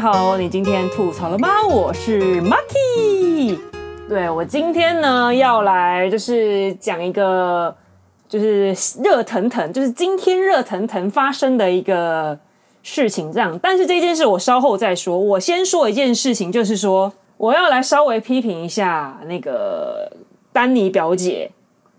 你好，你今天吐槽了嗎？我是 Maki，對，我今天呢要來就是講一個就是熱騰騰，就是今天熱騰騰發生的一個事情，這樣。但是這件事我稍後再說，我先說一件事情，就是說我要來稍微批評一下那個丹尼表姐，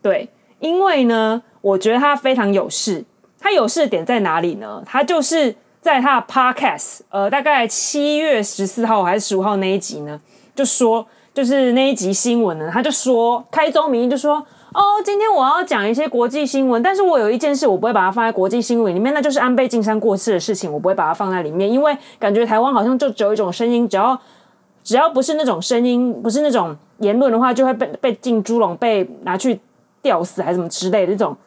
對，因為呢，我覺得她非常有事，她有事的點在哪裡呢？她就是。在他的 podcast，呃，大概七月十四號還是十五號那一集呢，就說，就是那一集新聞呢，他就說，開宗明義就說，哦，今天我要講一些國際新聞，但是我有一件事我不會把它放在國際新聞裡面，那就是安倍晉三過世的事情，我不會把它放在裡面，因為感覺台灣好像就只有一種聲音，只要只要不是那種聲音，不是那種言論的話，就會被被浸豬籠，被拿去吊死還是什麼之類的，這種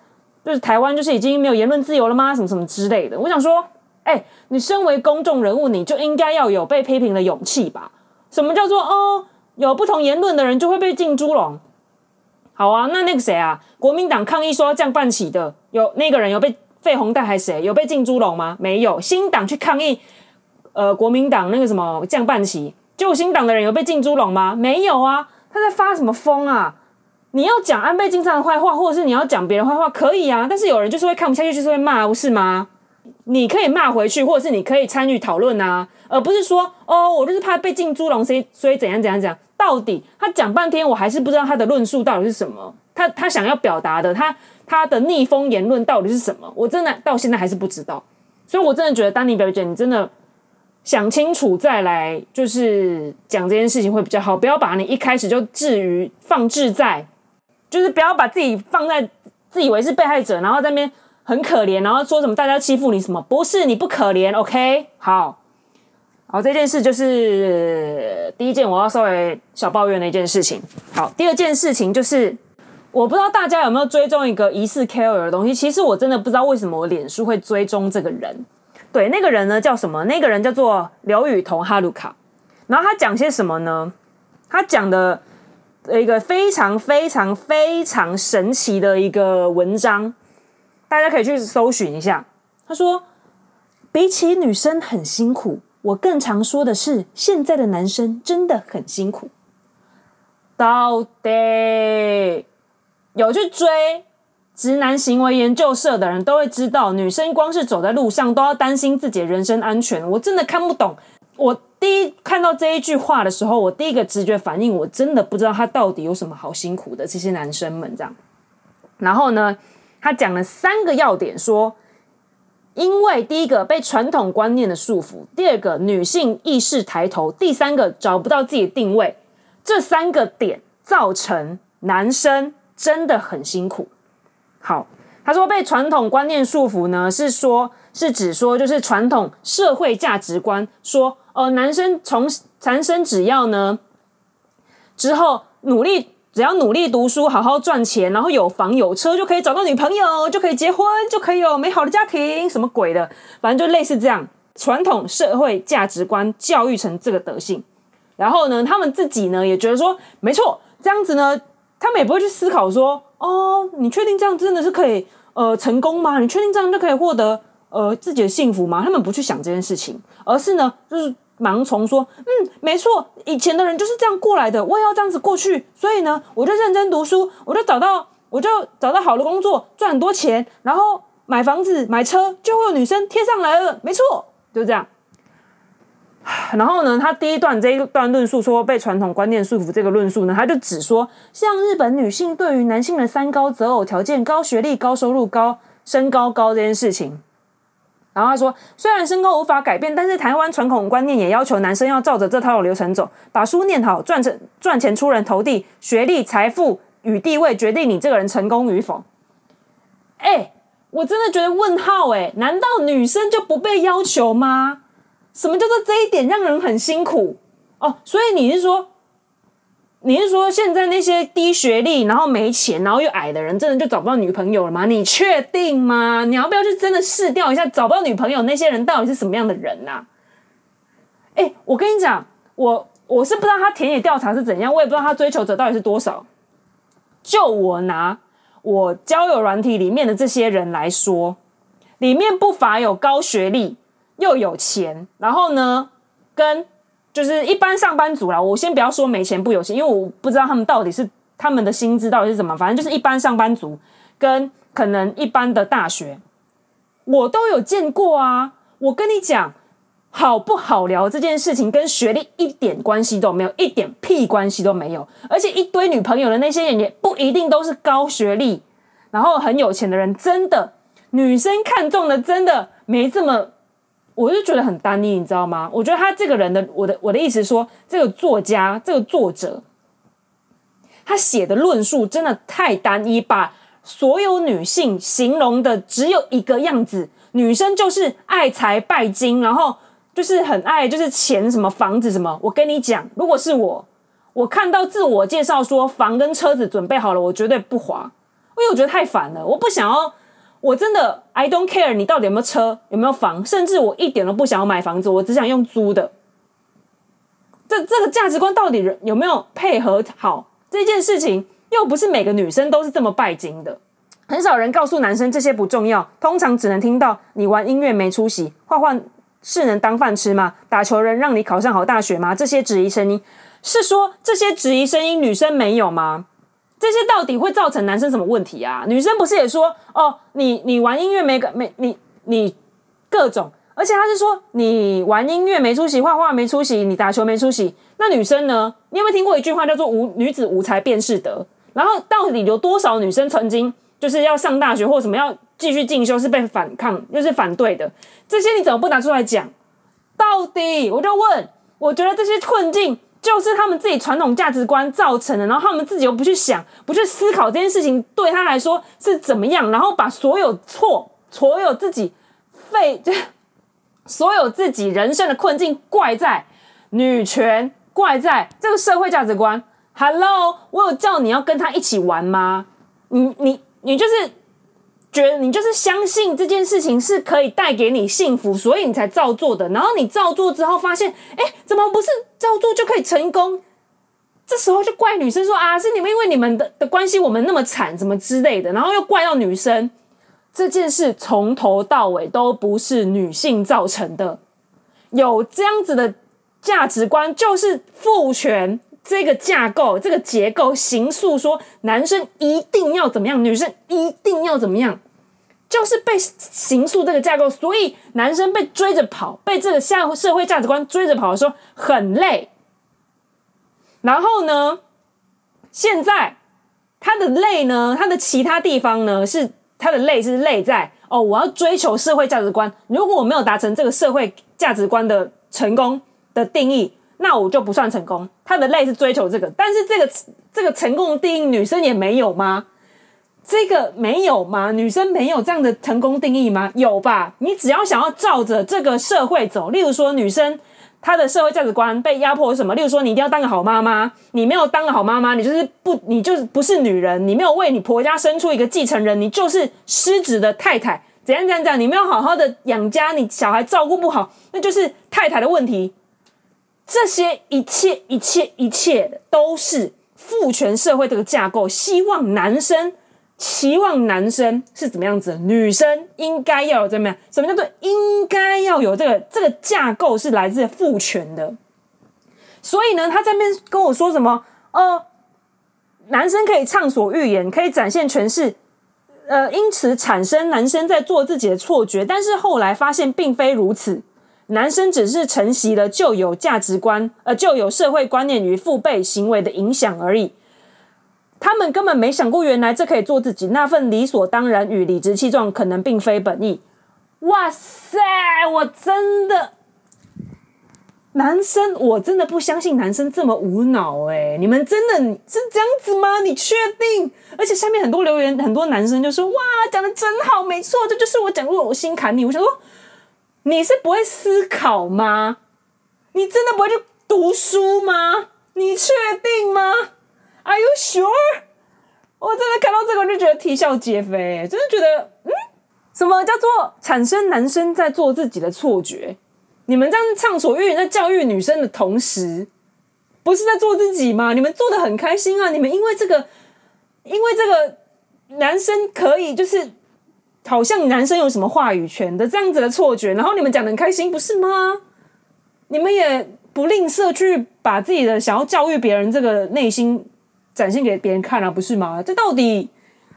就是台灣就是已經沒有言論自由了嗎？什麼什麼之類的，我想說。哎，你身為公眾人物，你就應該要有被批評的勇氣吧？什麼叫做哦，有不同言論的人就會被浸豬籠？好啊，那那個誰啊，國民黨抗議說要降半旗的，有那個人有被費鴻泰還是誰有被浸豬籠嗎？沒有。新黨去抗議，呃，國民黨那個什麼降半旗，就新黨的人有被浸豬籠嗎？沒有啊，他在發什麼瘋啊？你要講安倍晉三的壞話，或者是你要講別人壞話，可以啊。但是有人就是會看不下去，就是會罵，不是嗎？你可以罵回去，或者是你可以參與討論啊，而不是說哦，我就是怕被浸豬籠，所以所以怎樣怎樣怎樣。到底他講半天，我還是不知道他的論述到底是什麼，他他想要表達的，他他的逆風言論到底是什麼，我真的到現在還是不知道。所以我真的覺得，丹妮表姐，你真的想清楚再來，就是講這件事情會比較好，不要把你一開始就置於放置在，就是不要把自己放在自以為是被害者，然後在那邊。很可憐，然後說什麼大家欺負你什麼？不是你不可憐，OK？好，好，這件事就是，呃，第一件我要稍微小抱怨的一件事情。好，第二件事情就是我不知道大家有沒有追蹤一個疑似 KOL 的東西。其實我真的不知道為什麼我臉書會追蹤這個人。對，那個人呢叫什麼？那個人叫做劉雨桐哈魯卡。然後他講些什麼呢？他講的一個非常非常非常神奇的一個文章。大家可以去搜尋一下。他說：“比起女生很辛苦，我更常說的是，現在的男生真的很辛苦。到底有去追直男行為研究社的人，都會知道，女生光是走在路上都要擔心自己的人身安全。我真的看不懂。我第一看到這一句話的時候，我第一個直覺反應，我真的不知道他到底有什麼好辛苦的。這些男生們這樣，然後呢？”他講了三個要點說，說因為第一個被傳統觀念的束縛，第二個女性意識抬頭，第三個找不到自己的定位，這三個點造成男生真的很辛苦。好，他說被傳統觀念束縛呢，是說是指說就是傳統社會價值觀，說呃，男生從產生只要呢之後努力。只要努力讀書，好好賺錢，然後有房有車，就可以找到女朋友，就可以結婚，就可以有美好的家庭，什麼鬼的？反正就類似這樣，傳統社會價值觀教育成這個德性。然後呢，他們自己呢也覺得說，沒錯，這樣子呢，他們也不會去思考說，哦，你確定這樣真的是可以，呃，成功嗎？你確定這樣就可以獲得，呃，自己的幸福嗎？他們不去想這件事情，而是呢，就是。盲從說：“嗯，沒錯，以前的人就是這樣過來的，我也要這樣子過去。所以呢，我就認真讀書，我就找到，我就找到好的工作，賺很多錢，然後買房子、買車，就會有女生貼上來了。沒錯，就這樣。然後呢，他第一段這一段論述說被傳統觀念束縛這個論述呢，他就只說像日本女性對於男性的三高擇偶條件：高學歷、高收入、高身高、高這件事情。”然後他說：“雖然身高無法改變，但是台灣傳統觀念也要求男生要照着這套流程走，把書唸好，賺成賺錢出人頭地，學歷、財富與地位決定你這個人成功與否。”誒，我真的覺得問號誒！難道女生就不被要求嗎？什麼叫做這一點讓人很辛苦哦？所以你是說，你是說現在那些低學歷，然後沒錢，然後又矮的人，真的就找不到女朋友了嗎？你確定嗎？你要不要去真的試掉一下，找不到女朋友那些人到底是什麼樣的人啊？哎，我跟你講，我我是不知道他田野調查是怎樣，我也不知道他追求者到底是多少。就我拿我交友軟體裡面的這些人來說，裡面不乏有高學歷又有錢，然後呢跟。就是一般上班族啦，我先不要說沒錢不有錢，因為我不知道他們到底是他們的薪資到底是怎麼，反正就是一般上班族跟可能一般的大學，我都有見過啊。我跟你講好不好聊這件事情跟學歷一點關係都沒有，一點屁關係都沒有。而且一堆女朋友的那些人也不一定都是高學歷，然後很有錢的人。真的，女生看中的真的沒這麼。我就覺得很單一，你知道嗎？我覺得他這個人的，我的我的意思是說，這個作家，這個作者，他寫的論述真的太單一，把所有女性形容的只有一個樣子，女生就是愛財拜金，然後就是很愛就是錢什麼房子什麼。我跟你講，如果是我，我看到自我介紹說房跟車子準備好了，我絕對不滑，因為我覺得太煩了，我不想要。我真的，I don't care，你到底有沒有車，有沒有房，甚至我一點都不想要買房子，我只想用租的。這這個價值觀到底有沒有配合好？這件事情又不是每個女生都是這麼拜金的，很少人告訴男生這些不重要，通常只能聽到你玩音樂沒出息，畫畫是能當飯吃嗎？打球人讓你考上好大學嗎？這些質疑聲音是說這些質疑聲音女生沒有嗎？這些到底會造成男生什麼問題啊？女生不是也說哦，你你玩音樂沒個沒你你各種，而且他是說你玩音樂沒出息，畫畫沒出息，你打球沒出息。那女生呢？你有沒有聽過一句話叫做無“無女子無才便是德”？然後到底有多少女生曾經就是要上大學或什麼要繼續進修是被反抗又、就是反對的？這些你怎麼不拿出來講？到底我就問，我覺得這些困境。就是他們自己傳統價值觀造成的，然後他們自己又不去想、不去思考這件事情對他來說是怎麼樣，然後把所有錯、所有自己廢，就是所有自己人生的困境怪在女權、怪在這個社會價值觀。Hello，我有叫你要跟他一起玩嗎？你、你、你就是。覺得你就是相信這件事情是可以帶給你幸福，所以你才照做的。然後你照做之後發現，哎，怎麼不是照做就可以成功？這時候就怪女生說啊，是你們因為你們的的關係我們那麼慘，怎麼之類的。然後又怪到女生，這件事從頭到尾都不是女性造成的。有這樣子的價值觀，就是父權。這個架構、這個結構、形塑說，男生一定要怎麼樣，女生一定要怎麼樣，就是被形塑這個架構，所以男生被追着跑，被這個社會價值觀追着跑的時候很累。然後呢，現在他的累呢，他的其他地方呢，是他的累是累在哦，我要追求社會價值觀，如果我沒有達成這個社會價值觀的成功的定義，那我就不算成功。他的累是追求這個，但是這個這個成功的定義，女生也沒有嗎？這個沒有嗎？女生沒有這樣的成功定義嗎？有吧？你只要想要照着這個社會走，例如說，女生她的社會價值觀被壓迫什麼？例如說，你一定要當個好媽媽，你沒有當個好媽媽，你就是不，你就是不是女人。你沒有為你婆家生出一個繼承人，你就是失職的太太。怎樣怎樣怎樣？你沒有好好的養家，你小孩照顧不好，那就是太太的問題。這些一切一切一切都是父權社會這個架構，希望男生期望男生是怎麼樣子的？女生應該要有怎麼樣？什麼叫做應該要有這個這個架構？是來自父權的。所以呢，他這邊跟我說什麼？哦、呃，男生可以暢所欲言，可以展現詮釋，呃，因此產生男生在做自己的錯覺，但是後來發現並非如此。男生只是承襲了舊有價值觀，呃，舊有社會觀念與父輩行為的影響而已。他們根本沒想過，原來這可以做自己。那份理所當然與理直氣壯，可能並非本意。哇塞，我真的男生，我真的不相信男生這麼無腦哎、欸！你們真的是這樣子嗎？你確定？而且下面很多留言，很多男生就說：“哇，講得真好，沒錯，這就是我講，我心坎裡。”我想說。你是不會思考嗎？你真的不會去讀書嗎？你確定嗎？Are you sure？我真的看到這個就覺得啼笑皆非欸，真的覺得，嗯，什麼叫做產生男生在做自己的錯覺？你們這樣暢所欲言，在教育女生的同時，不是在做自己嗎？你們做得很開心啊！你們因為這個，因為這個男生可以就是。好像男生有什麼話語權的這樣子的錯覺，然後你們講得很開心，不是嗎？你們也不吝嗇去把自己的想要教育別人這個內心展現給別人看啊，不是嗎？這到底……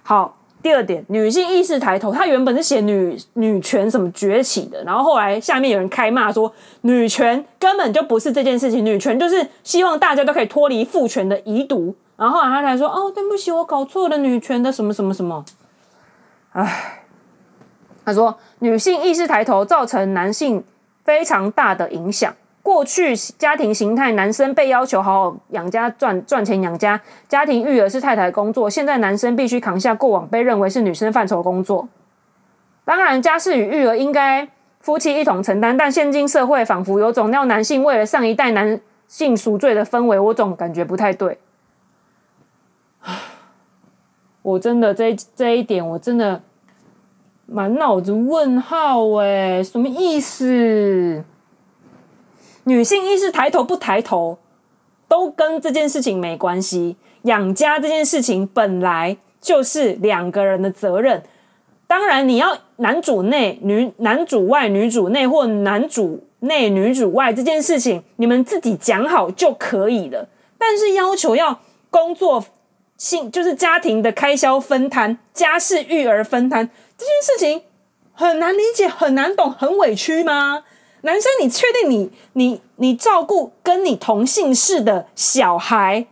好，第二點，女性意識抬頭，她原本是寫女女權什麼崛起的，然後後來下面有人開罵說女權根本就不是這件事情，女權就是希望大家都可以脫離父權的遺毒，然後、啊、她才說哦，對不起，我搞錯了，女權的什麼什麼什麼，唉。他說：“女性意識抬頭，造成男性非常大的影響。過去家庭形態，男生被要求好好養家賺賺錢養家，家庭育兒是太太的工作。現在男生必須扛下過往被認為是女生範疇工作。當然，家事與育兒應該夫妻一同承擔。但現今社會仿佛有種讓男性為了上一代男性贖罪的氛圍，我總感覺不太對。我真的這這一點，我真的。”滿腦子問號哎，什麼意思？女性意識抬頭不抬頭都跟這件事情沒關係。養家這件事情本來就是兩個人的責任，當然你要男主內、女男主外、女主內或男主內、女主外這件事情，你們自己講好就可以了。但是要求要工作性，就是家庭的開銷分攤、家事育兒分攤。這件事情很難理解、很難懂、很委屈嗎？男生，你確定你、你、你照顧跟你同姓氏的小孩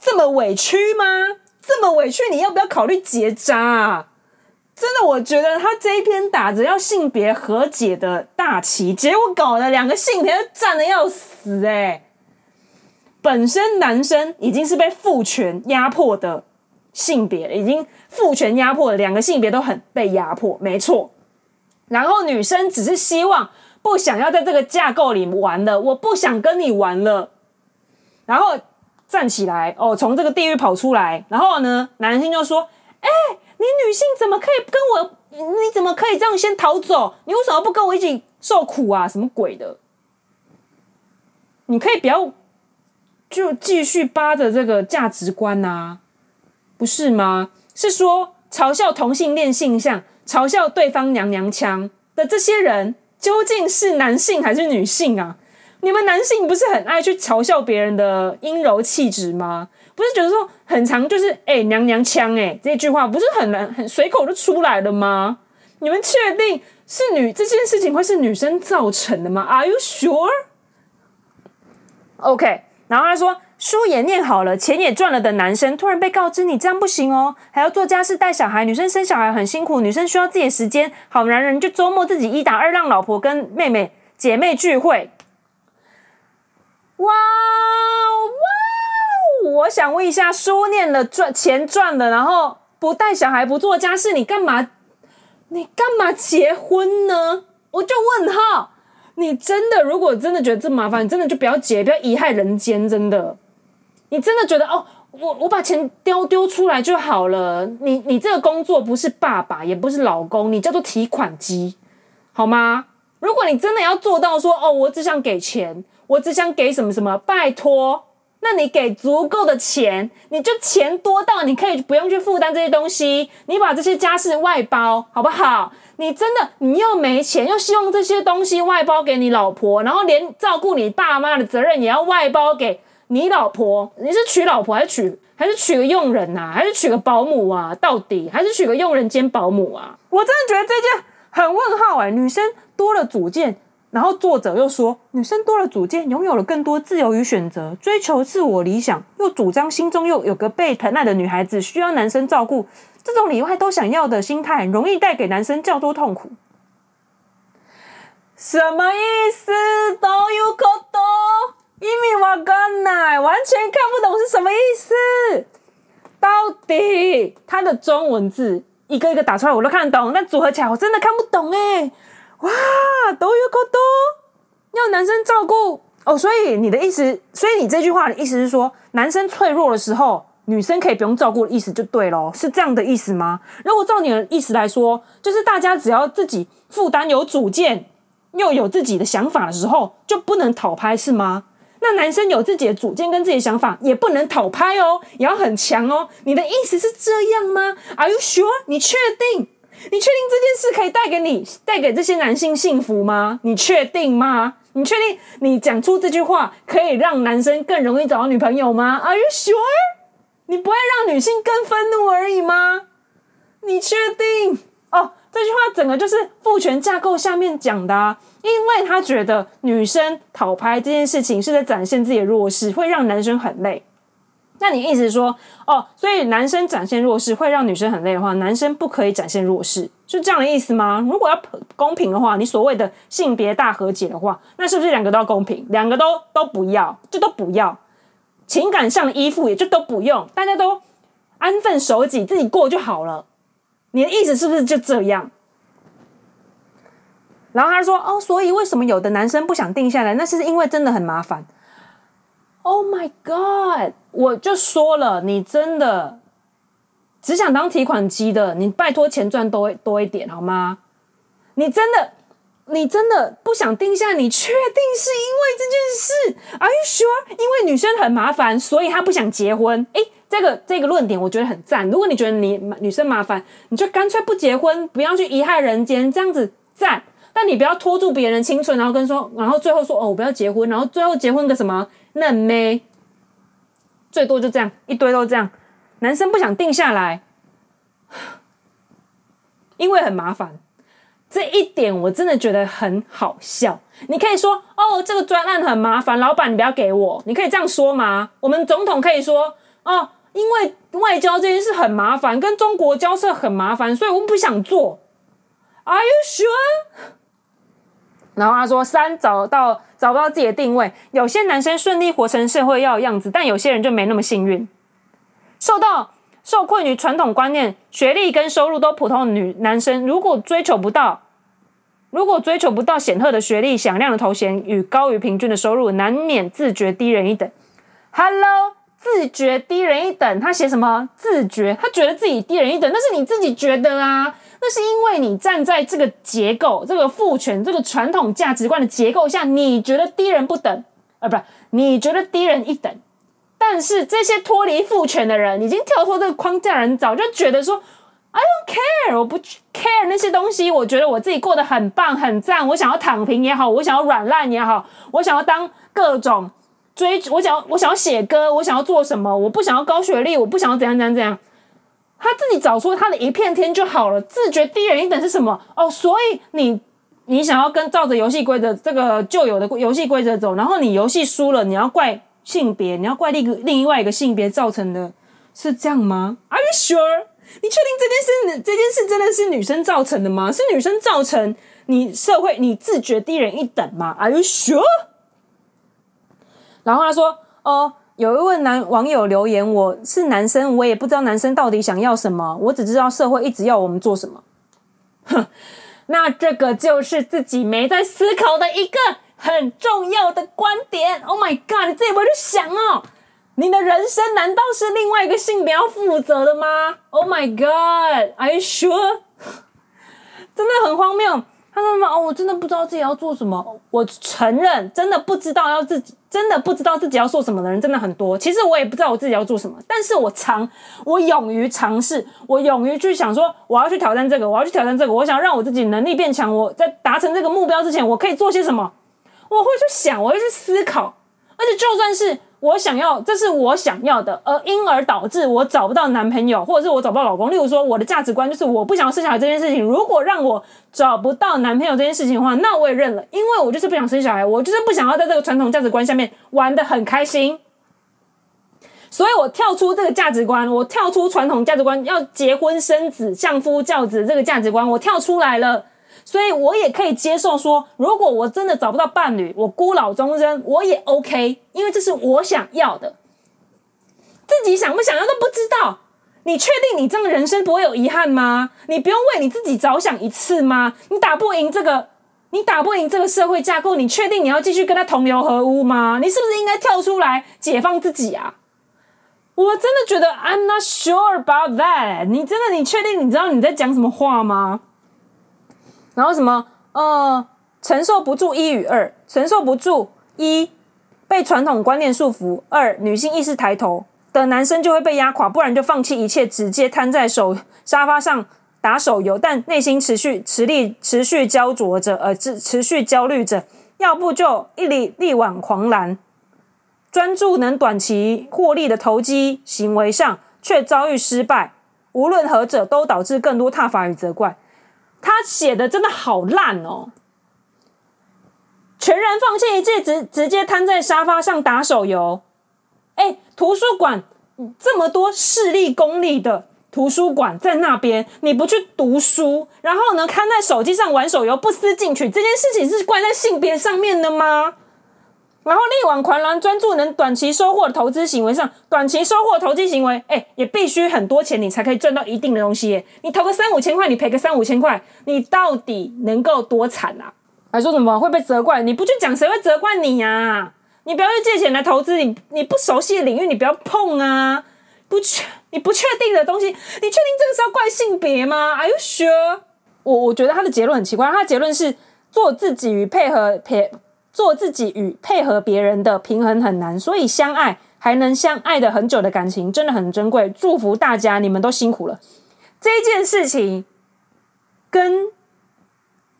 這麼委屈嗎？這麼委屈，你要不要考慮結紮，啊？真的，我覺得他這一篇打着要性別和解的大旗，結果搞了兩個性別都站得要死哎，欸！本身男生已經是被父權壓迫的。性別已經父權壓迫了，兩個性別都很被壓迫，沒錯。然後女生只是希望不想要在這個架構裡玩了，我不想跟你玩了，然後站起來哦，從這個地獄跑出來。然後呢，男性就說：“哎、欸，你女性怎麼可以跟我？你怎麼可以這樣先逃走？你為什麼不跟我一起受苦啊？什麼鬼的？你可以不要就繼續扒着這個價值觀啊。不是嗎？是說嘲笑同性戀性向、嘲笑對方娘娘腔的這些人，究竟是男性還是女性啊？你們男性不是很愛去嘲笑別人的陰柔氣質嗎？不是覺得說，很常就是誒、欸、娘娘腔誒、欸、這句話，不是很難很隨口就出來了嗎？你們確定是女這件事情會是女生造成的嗎？Are you sure? OK，然後他說。書也念好了，錢也賺了的男生，突然被告知你這樣不行哦，還要做家事帶小孩。女生生小孩很辛苦，女生需要自己的時間。好男人就周末自己一打二，讓老婆跟妹妹姐妹聚會。哇哇！我想問一下，書念了賺錢賺了，然後不帶小孩不做家事，你幹嘛？你幹嘛結婚呢？我就問號，你真的如果真的覺得這麼麻煩，你真的就不要結，不要遺害人間，真的。你真的覺得哦，我我把錢丟丟出來就好了。你你這個工作不是爸爸，也不是老公，你叫做提款機，好嗎？如果你真的要做到說哦，我只想給錢，我只想給什麼什麼，拜托，那你給足夠的錢，你就錢多到你可以不用去負擔這些東西，你把這些家事外包好不好？你真的你又沒錢，又希望這些東西外包給你老婆，然後連照顧你爸媽的責任也要外包給，你老婆？你是娶老婆還是娶還是娶個傭人吶、啊？還是娶個保姆啊？到底還是娶個傭人兼保姆啊？我真的覺得這件很問號哎、欸。女生多了主見，然後作者又說女生多了主見擁有了更多自由與選擇，追求自我理想，又主張心中又有個被疼愛的女孩子需要男生照顧，這種裡外都想要的心態，容易帶給男生較多痛苦。什麼意思都有？完全看不懂是什麼意思？到底他的中文字一個一個打出來我都看得懂，但組合起來我真的看不懂哎！哇，どういうこと？要男生照顧哦，所以你的意思，所以你這句話的意思是說，男生脆弱的時候，女生可以不用照顧的意思就對嘍，是這樣的意思嗎？如果照你的意思來說，就是大家只要自己負擔有主見，又有自己的想法的時候，就不能討拍，是嗎？那男生有自己的主見跟自己的想法，也不能討拍哦，也要很強哦。你的意思是這樣嗎？Are you sure？你確定？你確定這件事可以帶給你、帶給這些男性幸福嗎？你確定嗎？你確定你講出這句話可以讓男生更容易找到女朋友嗎？Are you sure？你不會讓女性更憤怒而已嗎？你確定？哦、oh,。這句話整個就是父權架構下面講的啊，因為他覺得女生討拍這件事情是在展現自己的弱勢，會讓男生很累。那你意思是說，哦，所以男生展現弱勢會讓女生很累的話，男生不可以展現弱勢，是這樣的意思嗎？如果要公平的話，你所謂的性別大和解的話，那是不是兩個都要公平？兩個都都不要，就都不要，情感上的依附也就都不用，大家都安分守己，自己過就好了。你的意思是不是就這樣？然後他說：“哦，所以為什麼有的男生不想定下來？那是因為真的很麻煩。”Oh my god！我就說了，你真的只想當提款機的，你拜託錢賺多多一點好嗎？你真的，你真的不想定下來？你確定是因為這件事？Are you sure？因為女生很麻煩，所以他不想結婚。誒。這個這個論點我覺得很讚。如果你覺得你女生麻煩，你就乾脆不結婚，不要去貽害人間，這樣子讚。但你不要拖住別人的青春，然後跟說，然後最後說哦，我不要結婚，然後最後結婚個什麼嫩妹，最多就這樣一堆都這樣。男生不想定下來，因為很麻煩。這一點我真的覺得很好笑。你可以說哦，這個專案很麻煩，老板你不要給我。你可以這樣說嗎？我們總統可以說哦。因為外交這件事很麻煩，跟中國交涉很麻煩，所以我不想做。Are you sure？然後他說三，找到找不到自己的定位。有些男生順利活成社會要的樣子，但有些人就沒那麼幸運。受到受困於傳統觀念、學歷跟收入都普通的女男生，如果追求不到，如果追求不到顯赫的學歷、響亮的頭銜與高於平均的收入，難免自覺低人一等。Hello。自覺低人一等，他寫什麼自覺？他覺得自己低人一等，那是你自己覺得啊？那是因為你站在這個結構、這個父權、這個傳統價值觀的結構下，你覺得低人不等啊？不是，你覺得低人一等。但是這些脫離父權的人，已經跳脫這個框架的人，早就覺得說，I don't care，我不 care 那些東西。我覺得我自己過得很棒、很讚。我想要躺平也好，我想要軟爛也好，我想要當各種。所以我，我想要，我想要寫歌，我想要做什麼？我不想要高學歷，我不想要怎樣怎樣怎樣。他自己找出他的一片天就好了。自覺低人一等是什麼？哦，所以你，你想要跟照着遊戲規則這個舊有的遊戲規則走，然後你遊戲輸了，你要怪性別，你要怪另一個另外一個性別造成的，是這樣嗎？Are you sure？你確定這件事，這件事真的是女生造成的嗎？是女生造成你社會你自覺低人一等嗎？Are you sure？然後他說：“哦，有一位男網友留言，我是男生，我也不知道男生到底想要什麼，我只知道社會一直要我們做什麼。”哼，那這個就是自己沒在思考的一個很重要的觀點。Oh my god，你自己回去想哦，你的人生難道是另外一個性別要負責的嗎？Oh my god，Are you sure？ 真的很荒謬。他說什麼？哦，我真的不知道自己要做什麼。我承認，真的不知道要自己。真的不知道自己要做什麼的人真的很多。其實我也不知道我自己要做什麼，但是我嘗，我勇於嘗試，我勇於去想說，我要去挑戰這個，我要去挑戰這個，我想讓我自己能力變強。我在達成這個目標之前，我可以做些什麼？我會去想，我會去思考，而且就算是。我想要，這是我想要的，而因而導致我找不到男朋友，或者是我找不到老公。例如說，我的價值觀就是我不想要生小孩這件事情。如果讓我找不到男朋友這件事情的話，那我也認了，因為我就是不想生小孩，我就是不想要在這個傳統價值觀下面玩得很開心。所以我跳出這個價值觀，我跳出傳統價值觀，要結婚生子、相夫教子這個價值觀，我跳出來了。所以我也可以接受說，如果我真的找不到伴侶，我孤老終生，我也 OK，因為這是我想要的。自己想不想要都不知道。你確定你這樣的人生不會有遺憾嗎？你不用為你自己着想一次嗎？你打不贏這個，你打不贏這個社會架構，你確定你要繼續跟他同流合污嗎？你是不是應該跳出來解放自己啊？我真的覺得 I'm not sure about that。你真的，你確定你知道你在講什麼話嗎？然後什麼呃，承受不住一與二，承受不住一被傳統觀念束縛，二女性意識抬頭的男生就會被壓垮，不然就放棄一切，直接癱在手沙發上打手遊，但內心持續持力，持續焦灼着，呃，持續焦慮着，要不就一力力挽狂瀾，專注能短期獲利的投機行為上，卻遭遇失敗，無論何者都導致更多撻伐與責怪。他寫的真的好爛哦！全然放棄一切，直直接癱在沙發上打手遊。哎，圖書館這麼多市立公立的圖書館在那邊，你不去讀書，然後呢，看在手機上玩手遊，不思進取，這件事情是怪在性別上面的嗎？然後力挽狂瀾，專注能短期收穫的投資行為上，短期收穫投機行為，誒、欸、也必須很多錢你才可以賺到一定的東西耶。你投個三五千塊，你賠個三五千塊，你到底能夠多慘啊？還說什麼會被責怪？你不去講，誰會責怪你呀、啊？你不要去借錢來投資你你不熟悉的領域，你不要碰啊！不確，你不確定的東西，你確定這個是要怪性別嗎？Are you sure？我我覺得他的結論很奇怪，他的結論是做自己與配合配做自己與配合別人的平衡很難，所以相愛還能相愛的很久的感情真的很珍貴。祝福大家，你們都辛苦了。這件事情跟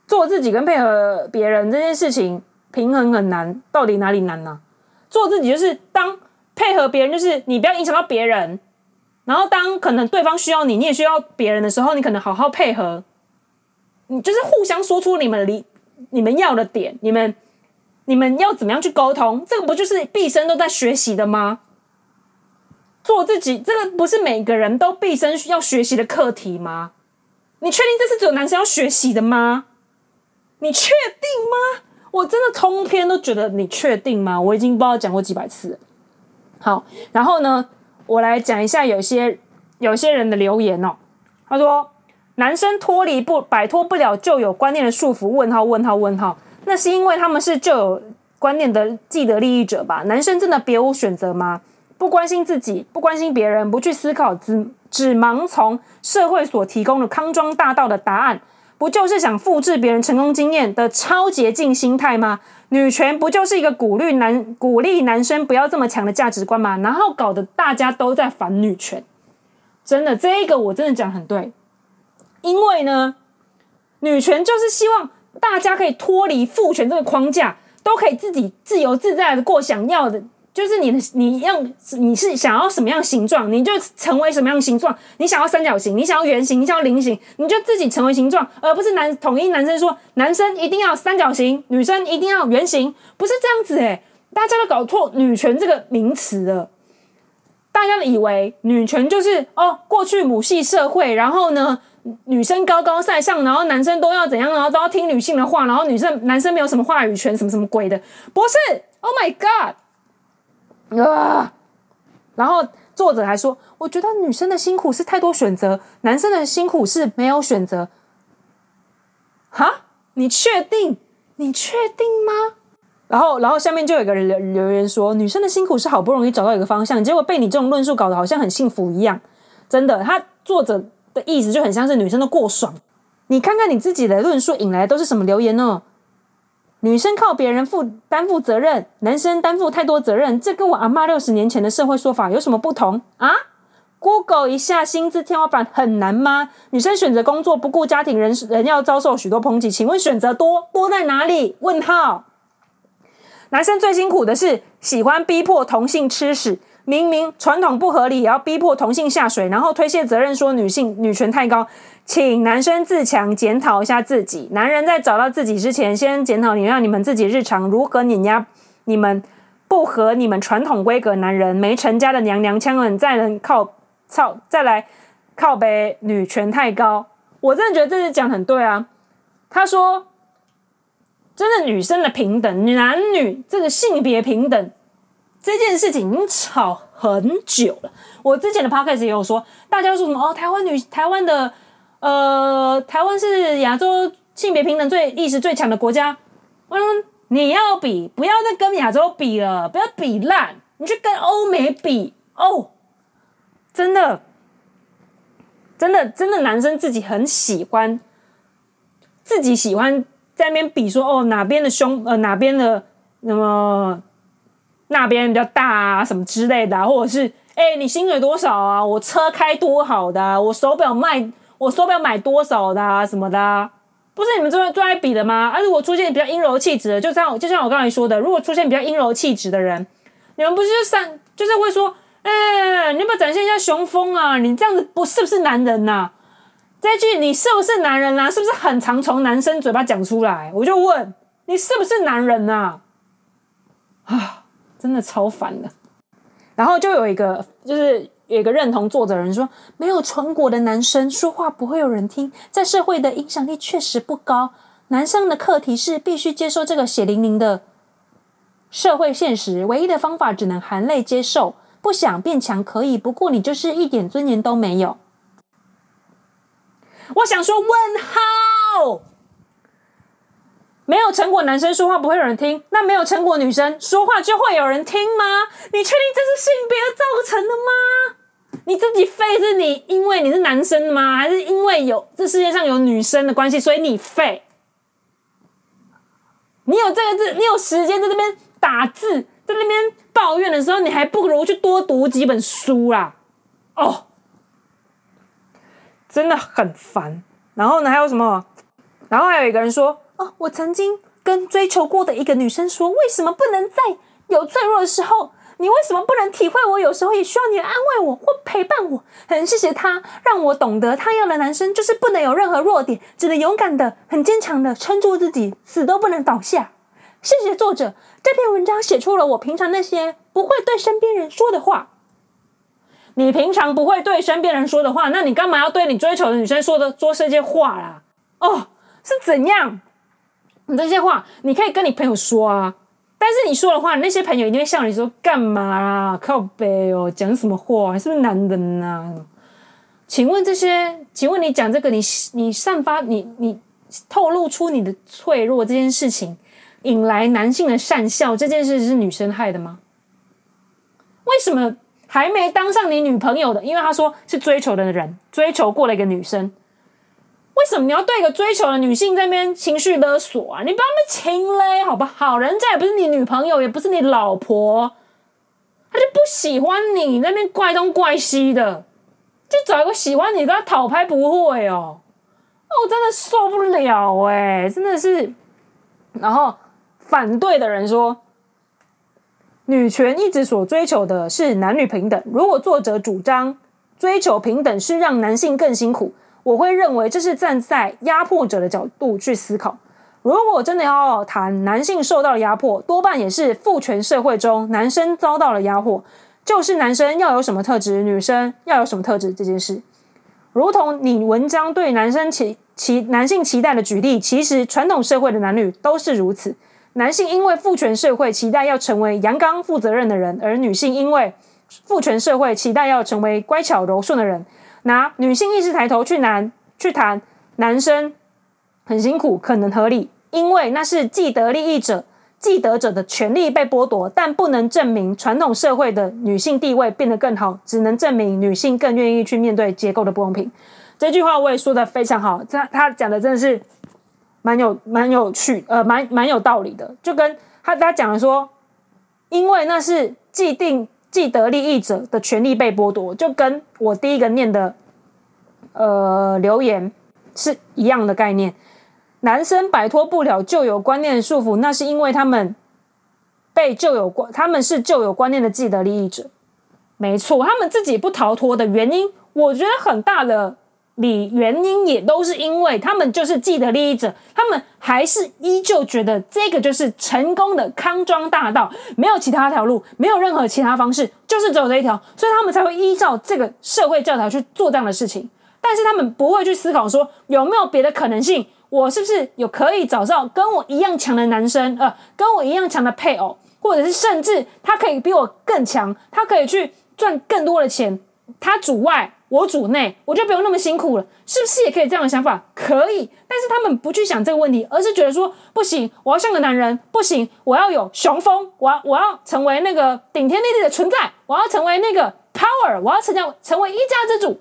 做自己跟配合別人這件事情平衡很難，到底哪裡難呢、啊？做自己就是當配合別人，就是你不要影響到別人，然後當可能對方需要你，你也需要別人的時候，你可能好好配合。你就是互相說出你們理你們要的點，你們。你們要怎麼樣去溝通？這個不就是畢生都在學習的嗎？做自己，這個不是每個人都畢生要學習的課題嗎？你確定這是只有男生要學習的嗎？你確定嗎？我真的通篇都覺得你確定嗎？我已經不知道講過幾百次了。好，然後呢，我來講一下有些有些人的留言哦。他說：“男生脫離不擺脫不了舊有觀念的束縛。”問號問號問號問號。那是因為他們是舊觀念的既得利益者吧？男生真的別無選擇嗎？不關心自己，不關心別人，不去思考，只只盲從社會所提供的康莊大道的答案，不就是想複製別人成功經驗的超捷徑心態嗎？女權不就是一個鼓勵男鼓勵男生不要這麼強的價值觀嗎？然後搞得大家都在反女權。真的，這個我真的講很對，因為呢，女權就是希望。大家可以脫離父權這個框架，都可以自己自由自在的過想要的，就是你的，你要，你是想要什麼樣形狀，你就成為什麼樣形狀。你想要三角形，你想要圓形，你想要菱形，你就自己成為形狀，而不是男統一男生說男生一定要三角形，女生一定要圓形，不是這樣子哎、欸，大家都搞錯女權這個名詞了，大家都以為女權就是哦，過去母系社會，然後呢？女生高高在上，然後男生都要怎樣？然後都要聽女性的話，然後女生男生沒有什麼話語權，什麼什麼鬼的？不是？Oh my god！啊！然後作者還說：“我覺得女生的辛苦是太多選擇，男生的辛苦是沒有選擇。”哈？你確定？你確定嗎？然後，然後下面就有一個人留留言說：“女生的辛苦是好不容易找到一個方向，結果被你這種論述搞得好像很幸福一樣。”真的？他作者。的意思就很像是女生的過爽，你看看你自己的論述引來都是什麼留言呢？女生靠別人負擔負責任，男生擔負太多責任，這跟我阿媽六十年前的社會說法有什麼不同啊？Google 一下薪資天花板很難嗎？女生選擇工作不顧家庭，人人要遭受許多抨擊，請問選擇多多在哪裡？問號？男生最辛苦的是喜歡逼迫同性吃屎。明明傳統不合理，也要逼迫同性下水，然後推卸責任說女性女權太高，請男生自強檢討一下自己。男人在找到自己之前，先檢討你讓你們自己日常如何碾壓你們不合你們傳統規格男人沒成家的娘娘腔了，你再能靠操，再來靠杯女權太高。我真的覺得這是講的很對啊。他說，真的女生的平等，男女這個性別平等。這件事情已經吵很久了。我之前的 podcast 也有說，大家說什麼哦，台灣女，台灣的，呃，台灣是亞洲性別平等最意識最強的國家。我、嗯、說你要比，不要再跟亞洲比了，不要比爛，你去跟歐美比、嗯、哦。真的，真的，真的，男生自己很喜歡，自己喜歡在那邊比說哦，哪邊的胸，呃，哪邊的那麼。嗯呃那邊比較大啊，什麼之類的、啊，或者是哎、欸，你薪水多少啊？我車開多好的、啊，我手表賣我手表買多少的啊？什麼的、啊，不是你們最愛比的嗎？啊，如果出現比較陰柔氣質的，就像就像我剛才說的，如果出現比較陰柔氣質的人，你們不是就上就是會說，嗯、欸，你要不要展現一下雄風啊？你這樣子不是不是男人吶、啊？這一句，你是不是男人啊？是不是很常從男生嘴巴講出來？我就問你是不是男人吶？啊。真的超煩的，然後就有一個，就是有一個認同作者人說，沒有成果的男生說話不會有人聽，在社會的影響力確實不高。男生的課題是必須接受這個血淋淋的社會現實，唯一的方法只能含淚接受，不想變強可以，不過你就是一點尊嚴都沒有。我想說，問號！沒有成果，男生說話不會有人聽，那沒有成果，女生說話就會有人聽嗎？你確定這是性別造成的嗎？你自己廢是你，因為你是男生嗎？還是因為有這世界上有女生的關係，所以你廢？你有這個字，你有時間在那邊打字，在那邊抱怨的時候，你還不如去多讀幾本書啦。哦，Oh，真的很煩。然後呢？還有什麼？然後還有一個人說。哦，我曾經跟追求過的一個女生說，為什麼不能在有脆弱的時候，你為什麼不能體會我？有時候也需要你安慰我或陪伴我。很謝謝他，讓我懂得，他要的男生就是不能有任何弱點，只能勇敢的、很堅強的撐住自己，死都不能倒下。謝謝作者，這篇文章寫出了我平常那些不會對身邊人說的話。你平常不會對身邊人說的話，那你幹嘛要對你追求的女生說的做這些話啦？哦，是怎樣？這些話你可以跟你朋友說啊，但是你說的話，那些朋友一定會笑你說，幹嘛啊？靠北哦，講什麼話？還是不是男人啊？請問這些，請問你講這個，你你散發，你你透露出你的脆弱這件事情，引來男性的訕笑，這件事情是女生害的嗎？為什麼還沒當上你女朋友的？因為他說是追求的人，追求過了一個女生。為什麼你要對一個追求的女性在那邊情緒勒索啊？你不要那麼情勒，好不好？人家也不是你女朋友，也不是你老婆，他就不喜歡你，你那邊怪東怪西的，就找一個喜歡你跟他討拍不會哦？哦，我真的受不了哎、欸，真的是。然後反對的人說，女權一直所追求的是男女平等。如果作者主張追求平等是讓男性更辛苦，我會認為這是站在壓迫者的角度去思考。如果真的要談男性受到了壓迫，多半也是父權社會中男生遭到了壓迫，就是男生要有什麼特質，女生要有什麼特質這件事。如同你文章對男生期期男性期待的舉例，其實傳統社會的男女都是如此：男性因為父權社會期待要成為陽剛負責任的人，而女性因為父權社會期待要成為乖巧柔順的人。拿女性意識抬頭去談，去談男生很辛苦，可能合理，因為那是既得利益者、既得者的權利被剝奪，但不能證明傳統社會的女性地位變得更好，只能證明女性更願意去面對結構的不公平。這句話我也說得非常好，他他講的真的是蠻有蠻有趣，呃，蠻蠻，蠻有道理的。就跟他他講的說，因為那是既定。既得利益者的權利被剝奪，就跟我第一個念的，呃，留言是一樣的概念。男生擺脫不了舊有觀念的束縛，那是因為他們被舊有觀，他們是舊有觀念的既得利益者。沒錯，他們自己不逃脫的原因，我覺得很大的理原因也都是因為他們就是既得利益者，他們還是依舊覺得這個就是成功的康莊大道，沒有其他條路，沒有任何其他方式，就是走這一條，所以他們才會依照這個社會教條去做這樣的事情。但是他們不會去思考說有沒有別的可能性，我是不是有可以找到跟我一樣強的男生，呃，跟我一樣強的配偶，或者是甚至他可以比我更強，他可以去賺更多的錢，他主外。我主內，我就不用那麼辛苦了，是不是也可以這樣的想法？可以，但是他們不去想這個問題，而是覺得說不行，我要像個男人，不行，我要有雄風，我要我要成為那個頂天立地的存在，我要成為那個 power，我要成為成為一家之主。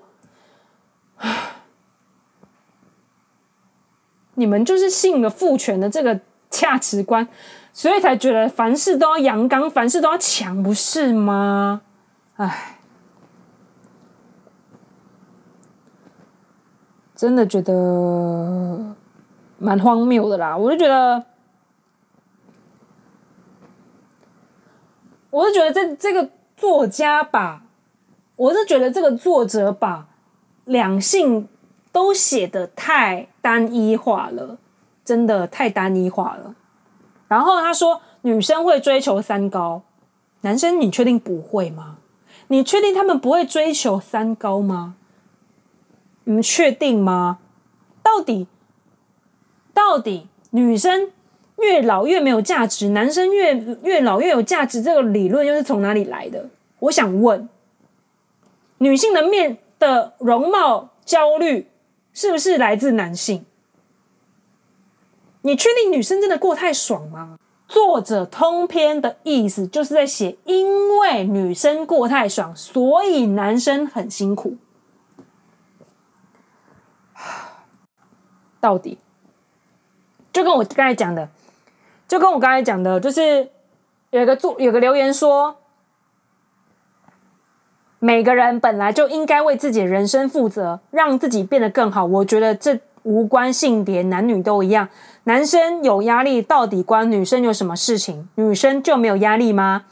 你們就是信了父權的這個價值觀，所以才覺得凡事都要陽剛，凡事都要強，不是嗎？唉。真的覺得蠻荒謬的啦！我就覺得，我是覺得這這個作家吧，我是覺得這個作者把兩性都寫的太單一化了，真的太單一化了。然後他說，女生會追求三高，男生你確定不會嗎？你確定他們不會追求三高嗎？你們確定嗎？到底到底女生越老越沒有價值，男生越越老越有價值，這個理論又是從哪裡來的？我想問，女性的面的容貌焦慮是不是來自男性？你確定女生真的過太爽嗎？作者通篇的意思就是在寫，因為女生過太爽，所以男生很辛苦。到底，就跟我剛才講的，就跟我剛才講的，就是有個做有個留言說，每個人本來就應該為自己的人生負責，讓自己變得更好。我覺得這無關性別，男女都一樣。男生有壓力，到底關女生有什麼事情？女生就沒有壓力嗎？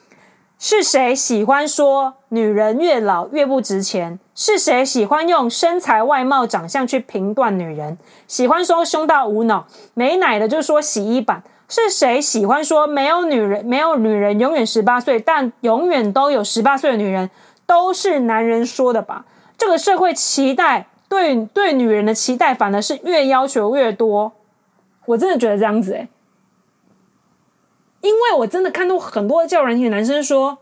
是誰喜歡說女人越老越不值錢？是誰喜歡用身材、外貌、長相去評斷女人？喜歡說胸大無腦、沒奶的就說洗衣板。是誰喜歡說沒有女人、沒有女人永遠十八歲，但永遠都有十八歲的女人？都是男人說的吧？這個社會期待，對，對女人的期待，反而是越要求越多。我真的覺得這樣子哎，因為我真的看到很多叫人型男生說：“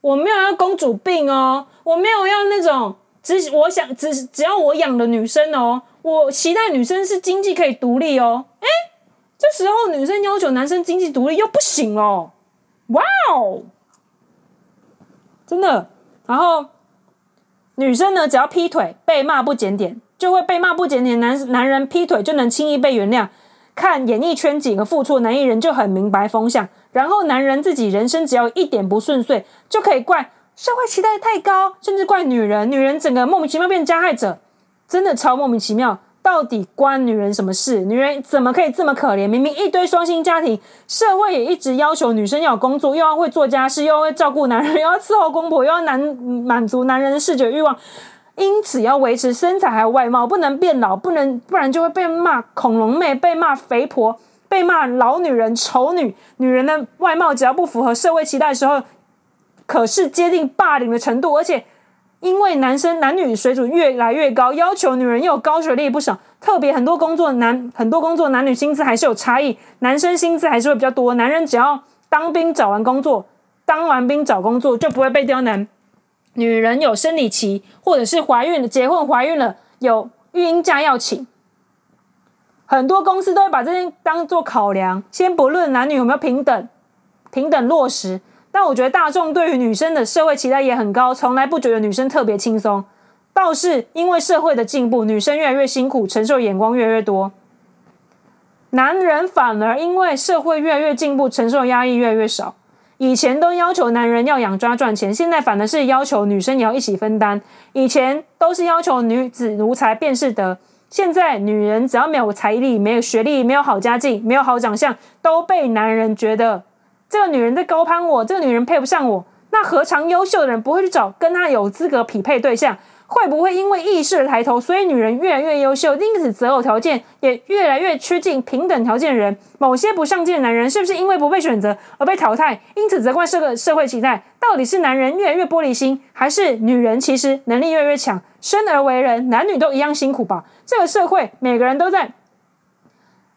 我沒有要公主病哦，我沒有要那種。”只我想，只只要我養的女生哦，我期待女生是經濟可以獨立哦。哎，這時候女生要求男生經濟獨立又不行哦，哇哦，真的。然後女生呢，只要劈腿被罵不檢點，就會被罵不檢點男，男男人劈腿就能輕易被原諒。看演藝圈幾個復出男藝人就很明白風向。然後男人自己人生只要一點不順遂，就可以怪，社會期待太高，甚至怪女人，女人整個莫名其妙變成加害者，真的超莫名其妙。到底關女人什麼事？女人怎麼可以這麼可憐？明明一堆雙薪家庭，社會也一直要求女生要工作，又要會做家事，又要會照顧男人，又要伺候公婆，又要男滿足男人的視覺欲望，因此要維持身材還有外貌，不能變老，不能，不然就會被罵恐龍妹，被罵肥婆，被罵老女人、醜女。女人的外貌只要不符合社會期待的時候，可是接近霸凌的程度，而且因為男生男女水準越來越高，要求女人又有高學歷不少，特別很多工作的男很多工作男女薪資還是有差異，男生薪資還是會比較多。男人只要當兵找完工作，當完兵找工作就不會被刁難。女人有生理期或者是懷孕了結婚懷孕了有育嬰假要請，很多公司都會把這些當做考量。先不論男女有沒有平等，平等落實。但我覺得大眾對於女生的社會期待也很高，從來不覺得女生特別輕鬆。倒是因為社會的進步，女生越來越辛苦，承受的眼光越來越多。男人反而因為社會越來越進步，承受壓抑越來越少。以前都要求男人要養家賺錢，現在反而是要求女生也要一起分擔。以前都是要求女子無才便是德，現在女人只要沒有財力、沒有學歷、沒有好家境、沒有好長相，都被男人覺得。這個女人在高攀我，這個女人配不上我，那何嘗優秀的人不會去找跟他有資格匹配對象？會不會因為意識抬頭，所以女人越來越優秀，因此擇偶條件也越來越趨近平等條件的人？某些不上進的男人是不是因為不被選擇而被淘汰？因此責怪這個社會期待，到底是男人越來越玻璃心，還是女人其實能力越來越強？生而為人，男女都一樣辛苦吧？這個社會，每個人都在。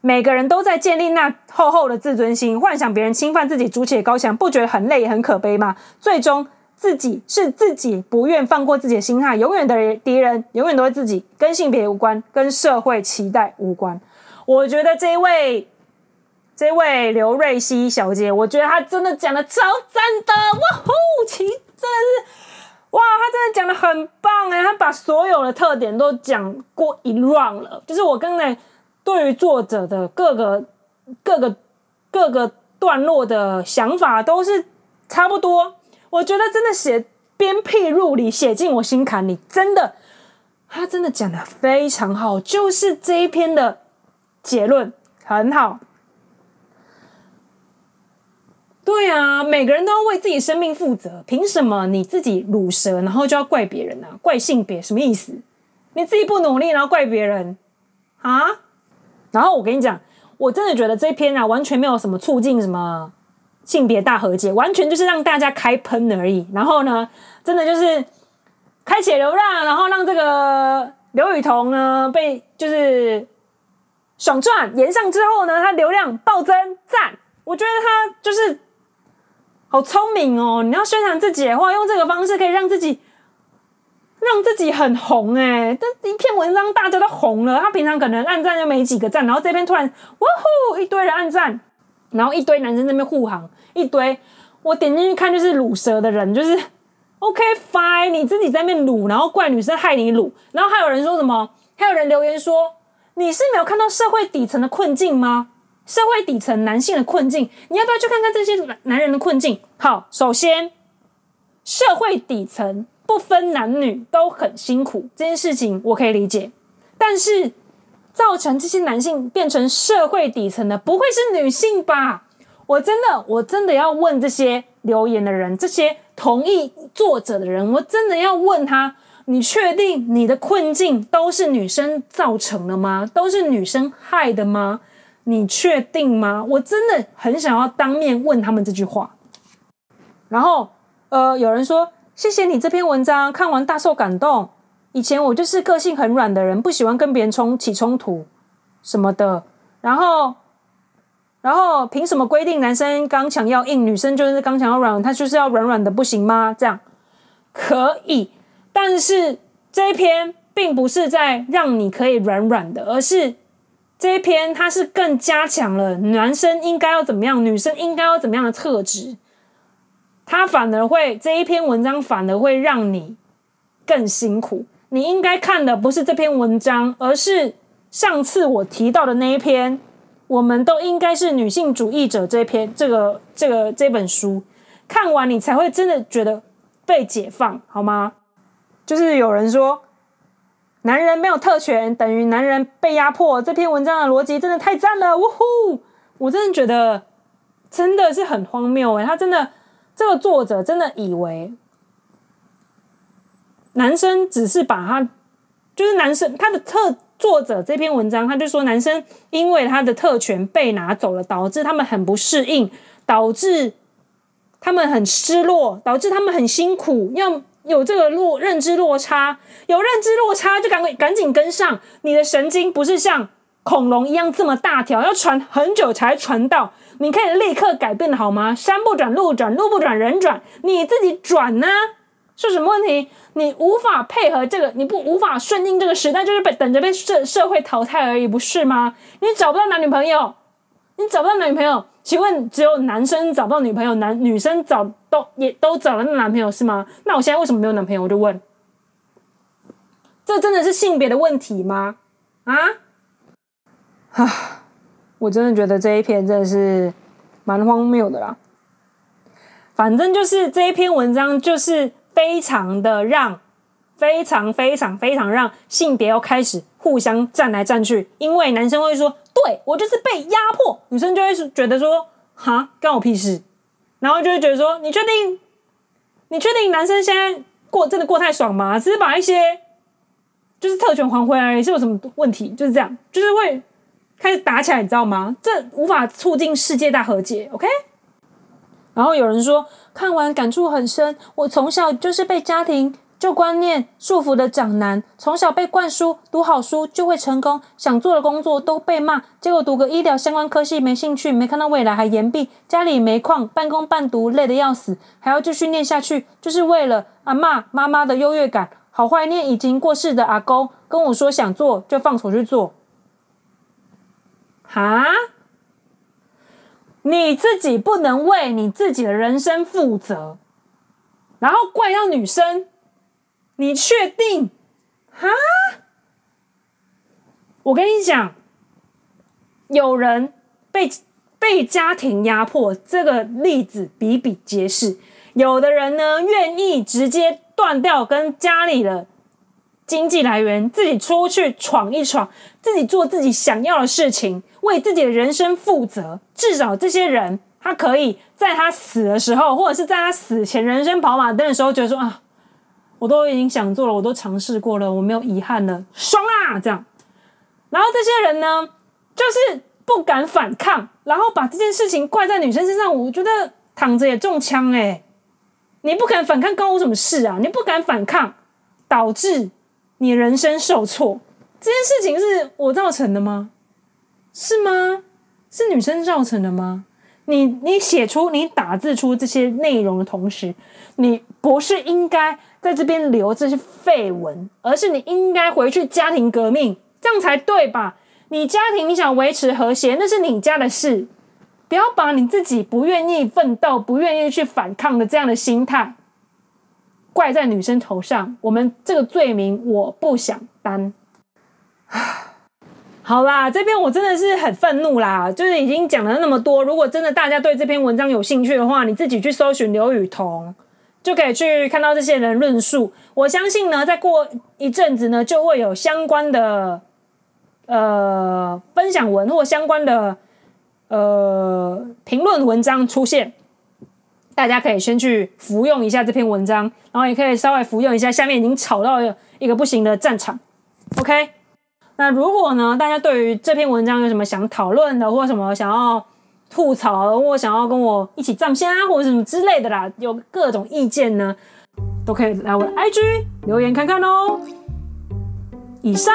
每個人都在建立那厚厚的自尊心，幻想別人侵犯自己的，築起高牆不覺得很累也很可悲嗎？最終自己是自己，不願放過自己的心態，永遠的敵人，永遠都是自己，跟性別無關，跟社會期待無關。我覺得這一位，這一位劉瑞熙小姐，我覺得她真的講得超贊的，哇呼，其真的是，哇，她真的講得很棒哎，她把所有的特點都講過一 round 了，就是我剛才。對於作者的各個、各個、各個段落的想法都是差不多。我覺得真的寫鞭辟入裡，寫進我心坎裡。真的，他真的講得非常好。就是這一篇的結論很好。對啊，每個人都要為自己生命負責。憑什麼你自己魯蛇，然後就要怪別人啊？怪性別？什麼意思？你自己不努力，然後怪別人啊？然後我跟你講，我真的覺得這篇啊，完全沒有什麼促進什麼性別大和解，完全就是讓大家開噴而已。然後呢，真的就是開啟流量，然後讓這個劉雨桐呢被就是爽轉炎上之後呢，他流量暴增，讚，我覺得他就是好聰明哦。你要宣傳自己的話，用這個方式可以讓自己。讓自己很紅哎、欸，這一篇文章大家都紅了。他平常可能按贊就沒幾個贊，然後這篇突然哇呼一堆人按贊，然後一堆男生在那邊護航，一堆我點進去看就是魯蛇的人，就是 OK fine，你自己在那邊魯，然後怪女生害你魯，然後還有人說什麼？還有人留言說，你是沒有看到社會底層的困境嗎？社會底層男性的困境，你要不要去看看這些男，男人的困境？好，首先社會底層。不分男女都很辛苦，這件事情我可以理解，但是造成這些男性變成社會底層的不會是女性吧？我真的我真的要問這些留言的人，這些同意作者的人，我真的要問他：你確定你的困境都是女生造成的嗎？都是女生害的嗎？你確定嗎？我真的很想要當面問他們這句話。然後呃，有人說，謝謝你這篇文章看完大受感動。以前我就是個性很軟的人，不喜歡跟別人衝起衝突什麼的。然後，然後憑什麼規定男生剛強要硬，女生就是剛強要軟？他就是要軟軟的不行嗎？這樣可以，但是這一篇並不是在讓你可以軟軟的，而是這一篇它是更加強了男生應該要怎麼樣，女生應該要怎麼樣的特質。他反而會，這一篇文章反而會讓你更辛苦。你應該看的不是這篇文章，而是上次我提到的那一篇。我們都應該是女性主義者這篇這個這個這本書看完，你才會真的覺得被解放好嗎？就是有人說，男人沒有特權等於男人被壓迫。這篇文章的邏輯真的太讚了，嗚呼！我真的覺得真的是很荒謬誒、欸，他真的。這個作者真的以為男生只是把他，就是男生他的特，作者這篇文章，他就說男生因為他的特權被拿走了，導致他們很不適應，導致他們很失落，導致他們很辛苦。要有這個落認知落差，有認知落差就趕快趕緊跟上，你的神經不是像，恐龍一樣這麼大條，要傳很久才傳到。你可以立刻改變的好嗎？山不轉路轉，路不轉人轉，你自己轉呢、啊？是什麼問題？你無法配合這個，你不無法順應這個時代，就是被等着被社社會淘汰而已，不是嗎？你找不到男女朋友，你找不到男女朋友。請問只有男生找不到女朋友，男女生找都也都找了男朋友是嗎？那我現在為什麼沒有男朋友？我就問，這真的是性別的問題嗎？啊？啊，我真的覺得這一篇真的是蠻荒謬的啦。反正就是這一篇文章，就是非常的讓非常非常非常讓性別要開始互相戰來戰去。因為男生會說：“對，我就是被壓迫。”女生就會覺得說：“哈，關我屁事。”然後就會覺得說：“你確定？你確定男生現在過真的過太爽嗎？只是把一些就是特權還回來，是有什麼問題？就是這樣，就是會。開始打起來，你知道嗎？這無法促進世界大和解。OK。然後有人說，看完感觸很深，我從小就是被家庭舊觀念束縛的長男，從小被灌輸讀好書就會成功，想做的工作都被罵，結果讀個醫療相關科系沒興趣，沒看到未來還延畢。家裡沒礦，半工半讀累得要死，還要繼續念下去，就是為了阿嬤、媽媽的優越感。好懷念已經過世的阿公，跟我說想做就放手去做。啊！你自己不能為你自己的人生負責，然後怪到女生，你確定？哈！我跟你講，有人被被家庭壓迫，這個例子比比皆是。有的人呢，願意直接斷掉跟家裡的經濟來源，自己出去闖一闖，自己做自己想要的事情。為自己的人生負責，至少這些人他可以在他死的時候，或者是在他死前人生跑馬燈的時候，覺得說啊，我都已經想做了，我都嘗試過了，我沒有遺憾了，爽啊！這樣。然後這些人呢，就是不敢反抗，然後把這件事情怪在女生身上。我覺得躺着也中槍欸！你不敢反抗，關我什麼事啊？你不敢反抗，導致你人生受挫，這件事情是我造成的嗎？是嗎？是女生造成的嗎？你你寫出你打字出這些內容的同時，你不是應該在這邊留這些廢文，而是你應該回去家庭革命，這樣才對吧？你家庭你想維持和諧，那是你家的事，不要把你自己不願意奮鬥、不願意去反抗的這樣的心態怪在女生頭上。我們這個罪名我不想擔。好啦，這邊我真的是很憤怒啦，就是已經講了那麼多。如果真的大家對這篇文章有興趣的話，你自己去搜尋劉雨桐就可以去看到這些人論述。我相信呢，再過一陣子呢，就會有相關的呃分享文或相關的呃評論文章出現。大家可以先去服用一下這篇文章，然後也可以稍微服用一下下面已經吵到一個不行的戰場。OK。那如果呢，大家對於這篇文章有什麼想討論的，或什麼想要吐槽的，或想要跟我一起占先啊，或者什麼之類的啦，有各種意見呢，都可以來我的 IG 留言看看哦。以上。